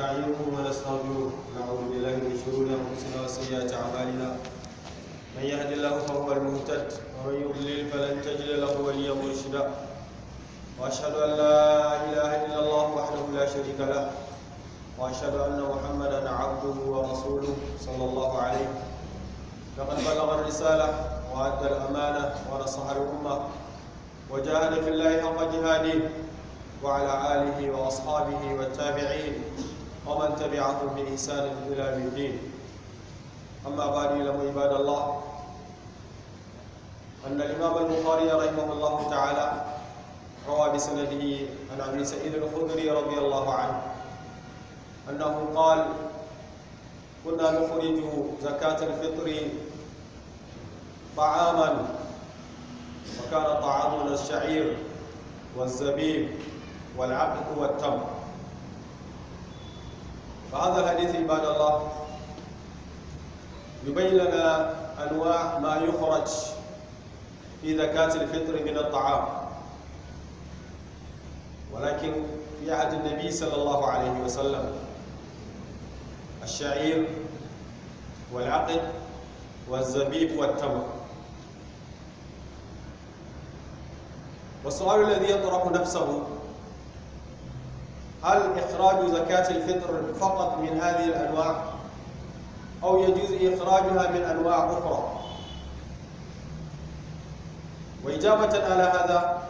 نستعينه ونستغفره ونعوذ بالله من شرور انفسنا وسيئات اعمالنا من يهد الله فهو المهتد ومن يضلل فلن تجد له وليا مرشدا واشهد ان لا اله الا الله وحده لا شريك له واشهد ان محمدا عبده ورسوله صلى الله عليه لقد بلغ الرساله وادى الامانه ونصح الامه وجاهد في الله حق جهاده وعلى آله وأصحابه والتابعين ومن تبعهم بإحسان إلى يوم الدين أما بعد اعلموا عباد الله أن الإمام البخاري رحمه الله تعالى روى بسنده عن أبي سعيد الخدري رضي الله عنه أنه قال كنا نخرج زكاة الفطر طعاما وكان طعامنا الشعير والزبيب والعبد والتمر فهذا الحديث عباد الله يبين لنا أنواع ما يخرج في زكاة الفطر من الطعام ولكن في عهد النبي صلى الله عليه وسلم الشعير والعقد والزبيب والتمر والسؤال الذي يطرح نفسه هل إخراج زكاة الفطر فقط من هذه الأنواع أو يجوز إخراجها من أنواع أخرى وإجابة على هذا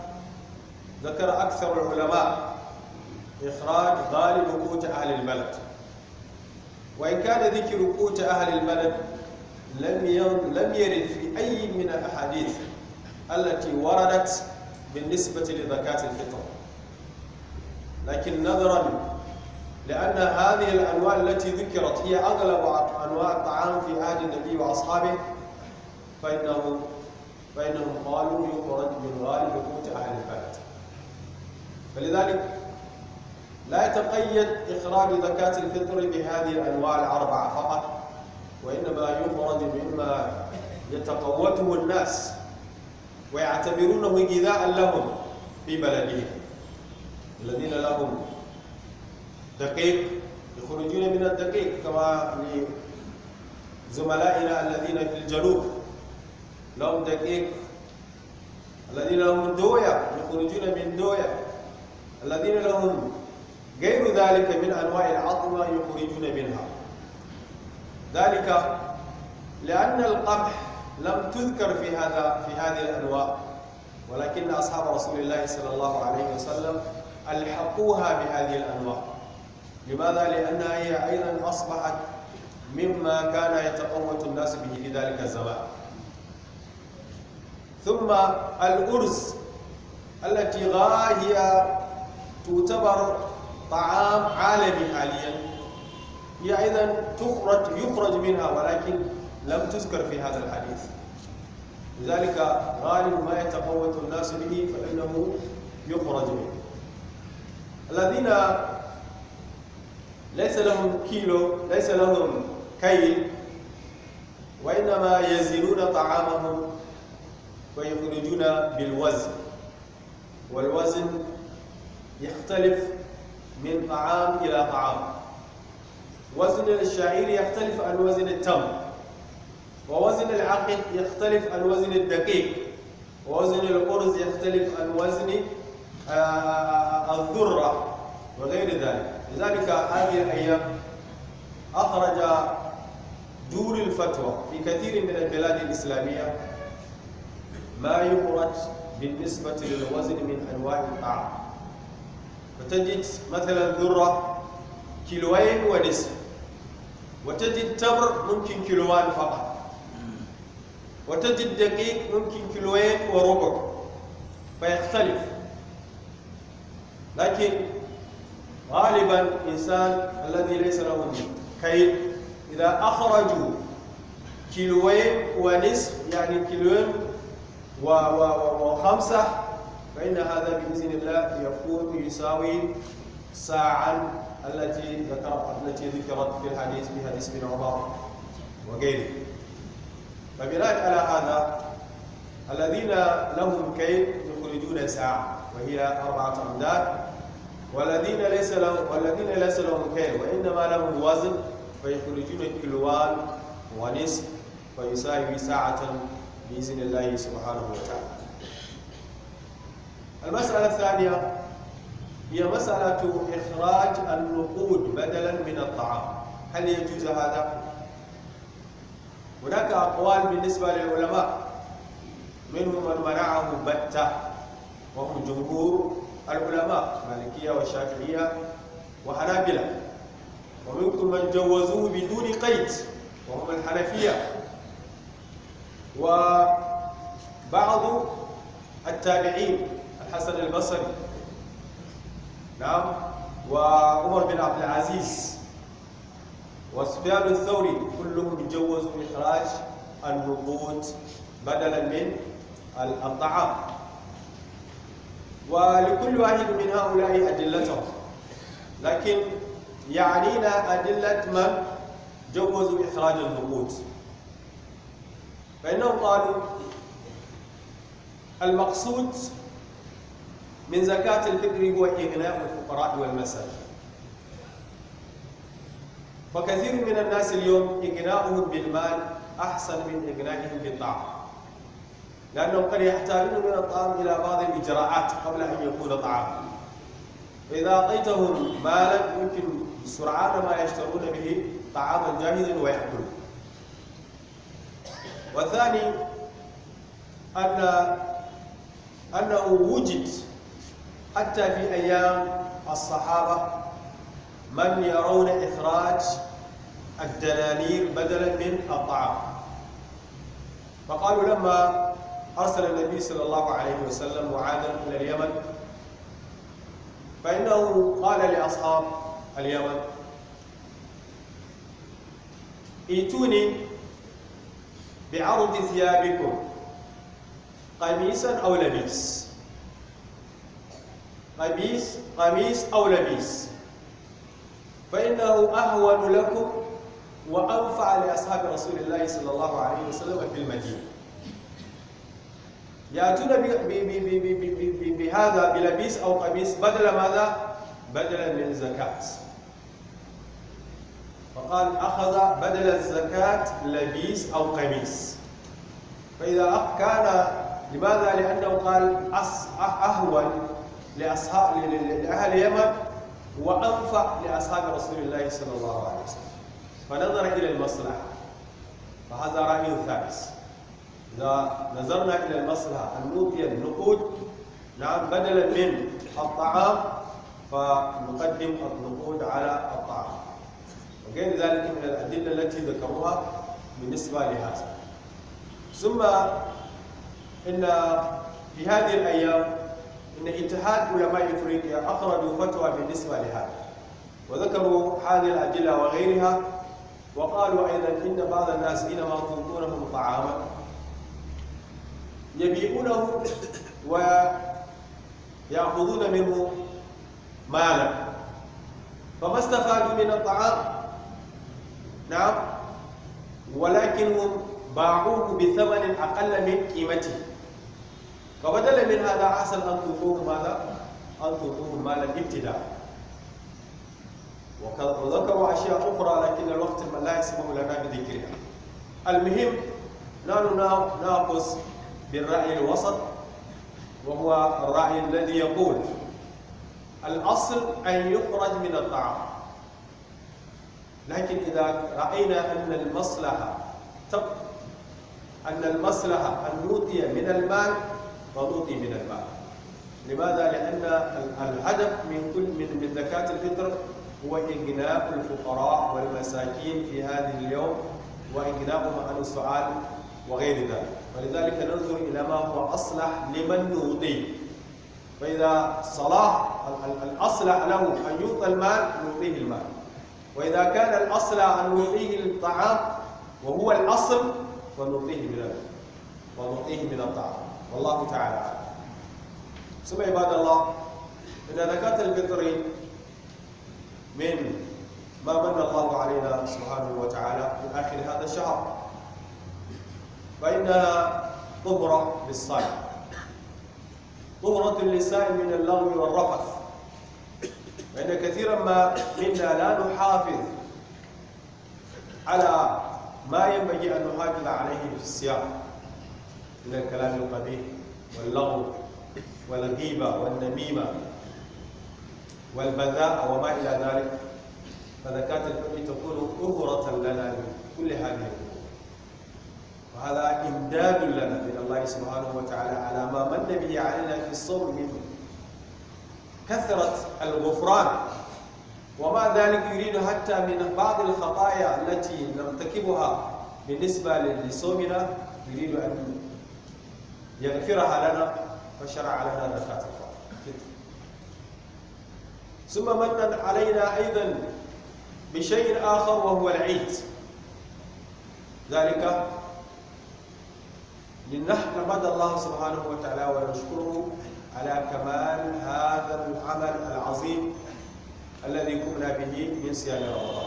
ذكر أكثر العلماء إخراج غالب قوت أهل البلد وإن كان ذكر قوت أهل البلد لم لم يرد في أي من الأحاديث التي وردت بالنسبة لزكاة الفطر لكن نظرا لأن هذه الأنواع التي ذكرت هي أغلب أنواع الطعام في عهد النبي وأصحابه فإنه فإنهم قالوا يخرج من غالب قوت أهل البلد فلذلك لا يتقيد إخراج زكاة الفطر بهذه الأنواع الأربعة فقط وإنما يخرج مما يتقوته الناس ويعتبرونه غذاء لهم في بلدهم الذين لهم دقيق يخرجون من الدقيق كما لزملائنا يعني الذين في الجنوب لهم دقيق الذين لهم دويا يخرجون من دويا الذين لهم غير ذلك من أنواع العظمى يخرجون منها ذلك لأن القمح لم تذكر في هذا في هذه الأنواع ولكن أصحاب رسول الله صلى الله عليه وسلم ألحقوها بهذه الأنواع لماذا؟ لأنها هي أيضا أصبحت مما كان يتقوت الناس به في ذلك الزمان ثم الأرز التي هي تعتبر طعام عالمي حاليا هي أيضا تخرج يخرج منها ولكن لم تذكر في هذا الحديث لذلك غالب ما يتقوت الناس به فإنه يخرج منه الذين ليس لهم كيلو ليس لهم كيل وإنما يزنون طعامهم ويخرجون بالوزن والوزن يختلف من طعام إلى طعام وزن الشعير يختلف عن وزن التمر ووزن العقد يختلف عن وزن الدقيق ووزن الأرز يختلف عن وزن آه، الذرة وغير ذلك لذلك هذه الأيام أخرج دور الفتوى في كثير من البلاد الإسلامية ما يخرج بالنسبة للوزن من أنواع الطعام فتجد مثلا ذرة كيلوين ونصف وتجد تمر ممكن كيلوان فقط وتجد دقيق ممكن كيلوين وربع فيختلف لكن غالبا الإنسان الذي ليس له دين إذا أخرجوا كيلوين ونصف يعني كيلوين و و وخمسة فإن هذا بإذن الله يكون يساوي ساعا التي ذكرت التي ذكرت في الحديث في حديث ابن عمر وغيره فبناء على هذا الذين لهم كيل يخرجون ساعة وهي أربعة أمداد والذين ليس لهم والذين ليس لهم كيل وانما لهم وزن فيخرجون كيلوان ونصف فيساوي ساعة بإذن الله سبحانه وتعالى. المسألة الثانية هي مسألة إخراج النقود بدلا من الطعام، هل يجوز هذا؟ هناك أقوال بالنسبة للعلماء منهم من منعه بتة وهم جمهور العلماء مالكية والشافعية وحنابلة ومنكم من جوزوه بدون قيد وهم الحنفية وبعض التابعين الحسن البصري نعم وعمر بن عبد العزيز وسفيان الثوري كلهم جوزوا إخراج النقود بدلا من الطعام ولكل واحد من هؤلاء أدلته لكن يعنينا أدلة من جوزوا إخراج النقود فإنهم قالوا المقصود من زكاة الفكر هو إغناء الفقراء والمساكين فكثير من الناس اليوم إغناؤهم بالمال أحسن من إغنائهم بالطاعة لأنهم قد يحتاجون من الطعام إلى بعض الإجراءات قبل أن يكون طعاما فإذا أعطيتهم مالا يمكن سرعان ما يشترون به طعاما جاهزا ويأكلون والثاني أن أنه وجد حتى في أيام الصحابة من يرون إخراج الدنانير بدلا من الطعام فقالوا لما أرسل النبي صلى الله عليه وسلم وعادا إلى اليمن فإنه قال لأصحاب اليمن ائتوني بعرض ثيابكم قميصا أو لبيس قميص قميص أو لبيس فإنه أهون لكم وأنفع لأصحاب رسول الله صلى الله عليه وسلم في المدينة يأتون بهذا بلبيس أو قميص بدل ماذا؟ بدلا من زكاة فقال أخذ بدل الزكاة لبيس أو قميص فإذا كان لماذا؟ لأنه قال أه- أهون لأصحاب لأهل اليمن وأنفع لأصحاب رسول الله صلى الله عليه وسلم فنظر إلى المصلحة فهذا رأي ثالث إذا نظرنا إلى المصلحة أن نوفي النقود نعم بدلا من الطعام فنقدم النقود على الطعام وغير ذلك من الأدلة التي ذكروها بالنسبة لهذا ثم إن في هذه الأيام إن اتحاد علماء أفريقيا أخرجوا فتوى بالنسبة لهذا وذكروا هذه الأدلة وغيرها وقالوا أيضا إن بعض الناس إنما تؤتونهم طعاما يبيعونه ويأخذون منه مالا فما استفادوا من الطعام نعم ولكنهم باعوه بثمن أقل من قيمته فبدلا من هذا حصل أن تطوه ماذا؟ أن تطوه مالا ابتداء وذكروا أشياء أخرى لكن الوقت لا يسمح لنا بذكرها المهم لا نناقص بالرأي الوسط وهو الرأي الذي يقول الأصل أن يخرج من الطعام لكن إذا رأينا أن المصلحة تب أن المصلحة أن نوتي من المال فنوتي من المال لماذا؟ لأن الهدف من كل من من زكاة الفطر هو إغناء الفقراء والمساكين في هذه اليوم وإغناءهم عن السؤال وغير ذلك ولذلك ننظر إلى ما هو أصلح لمن نعطيه فإذا صلاح الأصلح له أن يعطى المال نعطيه المال وإذا كان الأصلح أن نعطيه الطعام وهو الأصل فنعطيه من ونعطيه من الطعام والله تعالى ثم عباد الله إن زكاة الفطر من ما من الله علينا سبحانه وتعالى في آخر هذا الشهر فإنها طهرة للصائم طهرة للصائم من اللغو والرفث فإن كثيرا ما منا لا نحافظ على ما ينبغي أن نحافظ عليه في السياق من الكلام القبيح واللغو والغيبة والنميمة والبذاء وما إلى ذلك فذكاة الفم تكون أهرة لنا من كل هذه الأمور وهذا إمداد لنا من الله سبحانه وتعالى على ما من به علينا في الصبر منه كثرة الغفران وما ذلك يريد حتى من بعض الخطايا التي نرتكبها بالنسبة لصومنا يريد أن يغفرها لنا فشرع لنا زكاة ثم من علينا أيضا بشيء آخر وهو العيد ذلك لنحمد الله سبحانه وتعالى ونشكره على كمال هذا العمل العظيم الذي قمنا به من صيام رمضان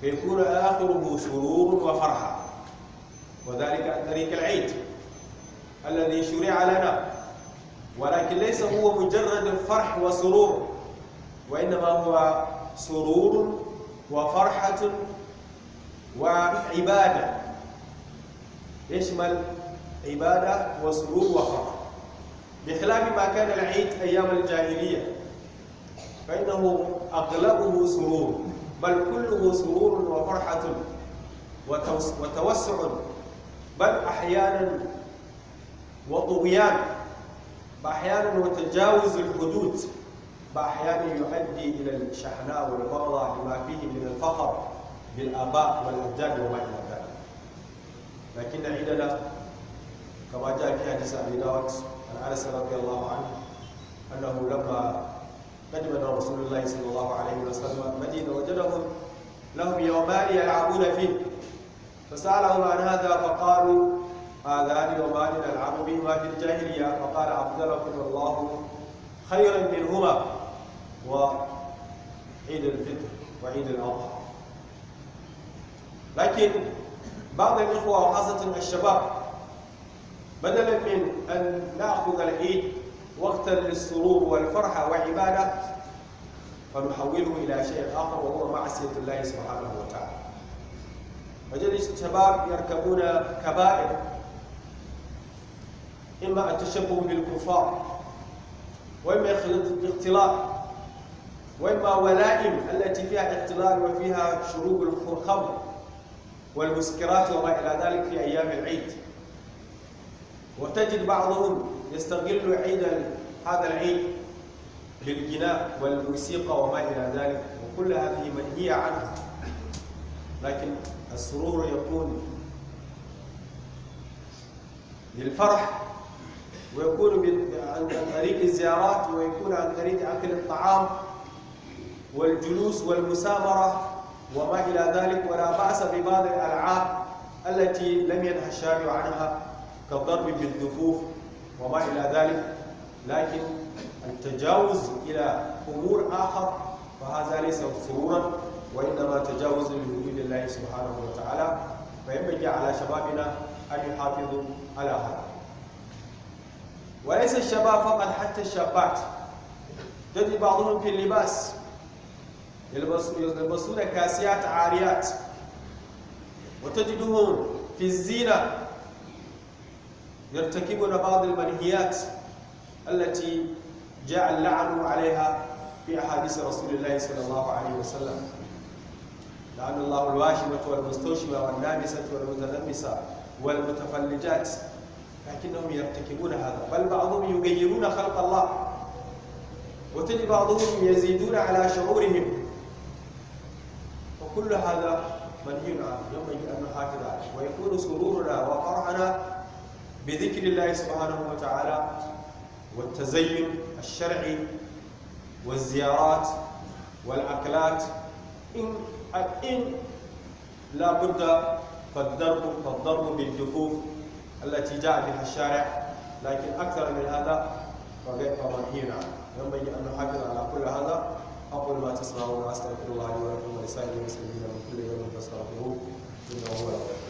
فيكون آخره سرور وفرحة وذلك عن طريق العيد الذي شرع لنا ولكن ليس هو مجرد فرح وسرور وإنما هو سرور وفرحة وعبادة يشمل عبادة وسرور وفرح بخلاف ما كان العيد أيام الجاهلية فإنه أغلبه سرور بل كله سرور وفرحة وتوسع بل أحيانا وطغيان بأحيانا وتجاوز الحدود بأحيانا يؤدي إلى الشحناء والبغضاء لما فيه من الفخر بالآباء والأجداد وما إلى ذلك لكن علل كما جاء في حديث ابي داود عن انس رضي الله عنه انه لما قدم رسول الله صلى الله عليه وسلم المدينه وجدهم لهم يومان يلعبون فيه فسالهم عن هذا فقالوا هذان يومان نلعب بهما في الجاهليه فقال افضلكم الله خيرا منهما وعيد الفطر وعيد الاضحى لكن بعض الإخوة وخاصة الشباب بدلا من أن نأخذ العيد وقتا للسرور والفرحة وعبادة فنحوله إلى شيء آخر وهو معصية الله سبحانه وتعالى مجلس الشباب يركبون كبائر إما التشبه بالكفار وإما الاختلاط وإما ولائم التي فيها اختلاط وفيها شروب الخمر والمسكرات وما إلى ذلك في أيام العيد وتجد بعضهم يستغل عيد هذا العيد للغناء والموسيقى وما إلى ذلك وكل هذه منهية عنها لكن السرور يكون للفرح ويكون عن طريق الزيارات ويكون عن طريق أكل الطعام والجلوس والمسامرة وما إلى ذلك ولا بأس ببعض الألعاب التي لم ينهى الشارع عنها كالضرب بالدفوف وما إلى ذلك لكن التجاوز إلى أمور آخر فهذا ليس سرورا وإنما تجاوز لوجود الله سبحانه وتعالى فينبغي على شبابنا أن يحافظوا على هذا وليس الشباب فقط حتى الشابات تجد بعضهم في اللباس يلبسون كاسيات عاريات وتجدهم في الزينة يرتكبون بعض المنهيات التي جاء اللعن عليها في أحاديث رسول الله صلى الله عليه وسلم لعن الله الواشمة والمستوشمة والنامسة والمتنمسة والمتفلجات لكنهم يرتكبون هذا بل بعضهم يغيرون خلق الله وتجد بعضهم يزيدون على شعورهم كل هذا منهي عنه ينبغي أن هكذا ويكون سرورنا وفرحنا بذكر الله سبحانه وتعالى والتزين الشرعي والزيارات والأكلات إن إن لا بد فالضرب فالضرب بالدفوف التي جاء بها الشارع لكن أكثر من هذا فغير منهي عنه ينبغي أن نحافظ على كل هذا أقول ما تسمعون وأستغفر الله لي ولكم ولسائر المسلمين من كل يوم فاستغفروه إنه هو الغفور